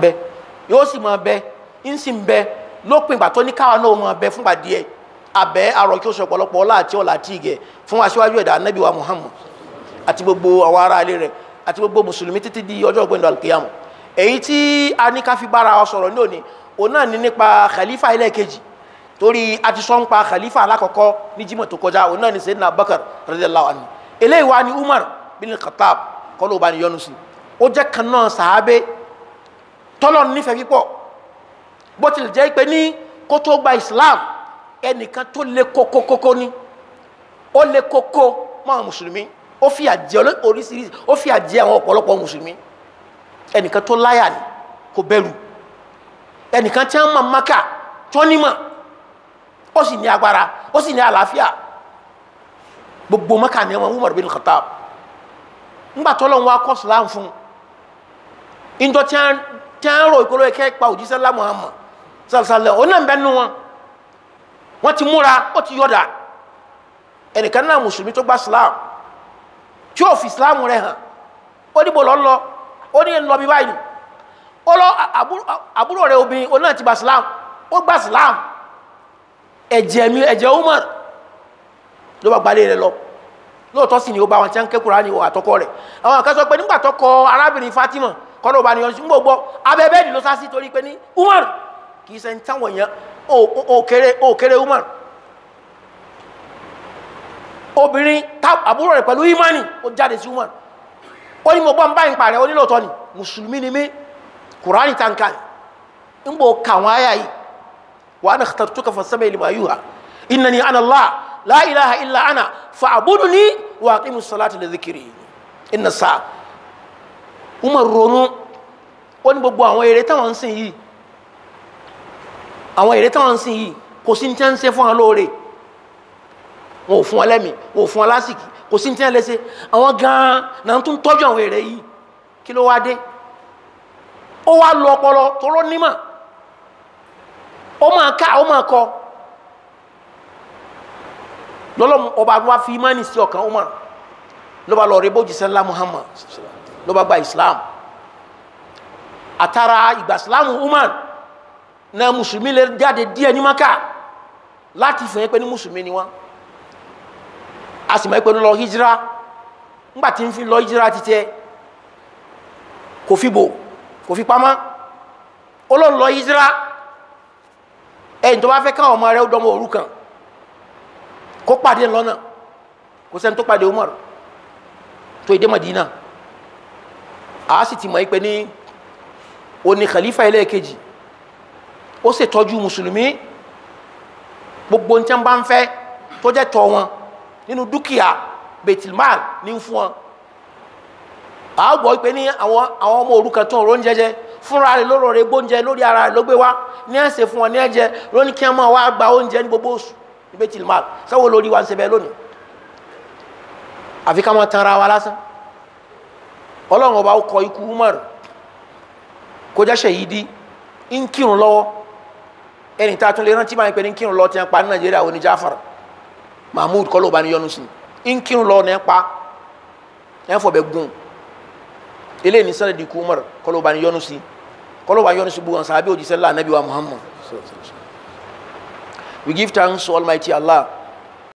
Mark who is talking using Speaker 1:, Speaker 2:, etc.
Speaker 1: bẹ yóò sì máa bẹ ń sì ń bẹ lópin ìgbà tó ní káwa náà máa bẹ fúngbà díẹ̀ abẹ àrọ kí ó sọ ọ̀pọ̀lọpọ̀ ọlá àti ọlá àti ìgẹ̀ fún aṣíwájú ẹ̀dá anábì wa Muhammad àti gbogbo àwọn ará ilé rẹ̀ àti gbogbo mùsùlùmí títí di ọjọ́ ògbẹ́ni alkiyamu èyí tí a ní ká fi bára wa sọ̀rọ̀ ní òní òun náà ní nípa khalifa ẹlẹ́ẹ̀kejì torí a ti sọ ń pa khalifa alákọ̀ọ́kọ́ ní jímọ̀ tó kọjá òun náà ní sayyidina Abubakar radiyallahu anhu eléyìí wa ni Umar bin Khattab kọ́ló bá ní yọnu sí ó jẹ́ kan náà sàábé tọ́lọ̀ nífẹ̀ẹ́ pípọ̀ bó tilẹ̀ jẹ́ pé ní kó tó gba Islam ẹnìkan tó le koko ni ó le kókó máa mùsùlùmí ó fi àjẹ oríṣiríṣi ó fi àjẹ àwọn ọ̀pọ̀lọpọ̀ mùsùlùmí ẹnìkan tó láyà ni kò bẹ̀rù ẹnìkan tí wọ́n maka tó nímọ̀ ó sì ní agbára ó sì ní àlàáfíà gbogbo maka ni wọn Umar bin Khattab ńgbà tọ́lọ́ wọn akọ́ Islam fún un ìjọ tẹ́ẹ̀rọ ìkóló ẹ̀kẹ́ pa òjíṣẹ́ ńlá Muhammad sàlùsàlẹ̀ ọ̀nà ń bẹ nu wọn wọ́n ti múra ó ti yọ̀dà ẹnìkan náà mùsùlùmí tó gba Islam tí yóò fi Islam rẹ hàn ó níbo lọ lọ ó ní lọ bí báyìí ó lọ àbúrò rẹ obìnrin òun náà ti gba Islam ó gba Islam ẹ̀jẹ̀ mi ẹ̀jẹ̀ Umar ló bá gbalẹ̀ rẹ lọ lóòótọ́ sì ni ó bá wọn tí wọ́n ń ké Kùránì àtọkọ rẹ̀ àwọn kan pé nígbà tọkọ arábìnrin Fatima kọ́nà bá ní ọ̀sùn gbogbo abẹ́bẹ́ ni ló sá sí torí pé ní Umar kì í ṣe ní táwọn èèyàn òkèrè òkèrè Umar obìnrin àbúrò rẹ̀ pẹ̀lú imani ó jáde sí Umar ó ní mo gbọ́ ń bá ìpa rẹ̀ ó nílò tọ́ ni mùsùlùmí ni mí kùránì tanka ń bò kàwọn àyà yìí wa ana ikhtartuka fasami' lima yuha innani ana Allah la ilaha illa ana fa'buduni wa aqimus salata li dhikri inna sa'a Umar ronú ó ní gbogbo àwọn ère táwọn ń sìn yìí àwọn ère táwọn ń sìn yìí kò sí ní tí wọ́n ń ṣe fún wọn lóore wọn ò fún wọn lẹ́mìí wọn ò fún wọn lásìkò kò sí ní tí wọ́n lè ṣe àwọn gan-an náà tún tọ́jú àwọn ère yìí kí ló wá dé ó wá lo ọpọlọ tó ló nímọ̀ ó máa ká ó máa kọ lọ́lọ́mù ọba wa fi imáni sí ọkàn Umar ló bá lọ rí bójú sẹ́ńlá Muhammad ló bá gba islam àtàrà ìgbà islam umar na mùsùlùmí lè jáde díẹ̀ ní maka láti fẹ̀yẹ́ pé ní mùsùlùmí ni wọ́n a sì máa ń pẹ́ ní lọ hijira ńgbà tí ń fi lọ hijira ti tẹ kò fi bò kò fi pamọ́ olóòn lọ hijira ẹ̀yìn tó bá fẹ́ káwọn ọmọ rẹ̀ ó dọ́mọ òrukàn kó pàdé lọ́nà kò sẹ́ni tó pàdé umar tó ìdè a sì ti mọ̀ pé ní oní khalifa ẹlẹ́ẹ̀kejì ó sì tọ́jú mùsùlùmí gbogbo ní tí wọ́n bá ń fẹ́ tó jẹ́ tọ́ wọn nínú dúkìá betilmal ní fún wọn a gbọ́ pé ní àwọn àwọn ọmọ òrukàn tó ń ro oúnjẹ jẹ fúnra rẹ̀ lóró rẹ̀ gbóúnjẹ lórí ara rẹ̀ ló gbé wá ní ẹ̀sẹ̀ fún wọn ní ẹ̀jẹ̀ lónìí kí wọ́n máa wá gba oúnjẹ ní gbogbo oṣù ní betilmal sáwọn olórí wa ń ṣe bẹ́ẹ̀ lónìí àfi ká tanra wa lásán ọlọ́run ọba kọ ikú umar kó jẹ́ ṣèyídí ń kírun lọ́wọ́ ẹni tá a tún lè rántí máa ń kírun lọ́wọ́ tí wọ́n pa ní nàìjíríà wọn ni Jafar Mahmud kọ́ ló bá ní yọnu sí ń kírun lọ́wọ́ ní pa ẹ̀ ń fọ̀bẹ̀ gùn eléyìí ní sẹ́lẹ̀ di ikú umar kọ́ ló bá ní yọnu sí kọ́ ló bá yọnu sí gbogbo ọ̀sán àbí òjíṣẹ́ Allah Ànábì wa Muhammad we give thanks to Almighty Allah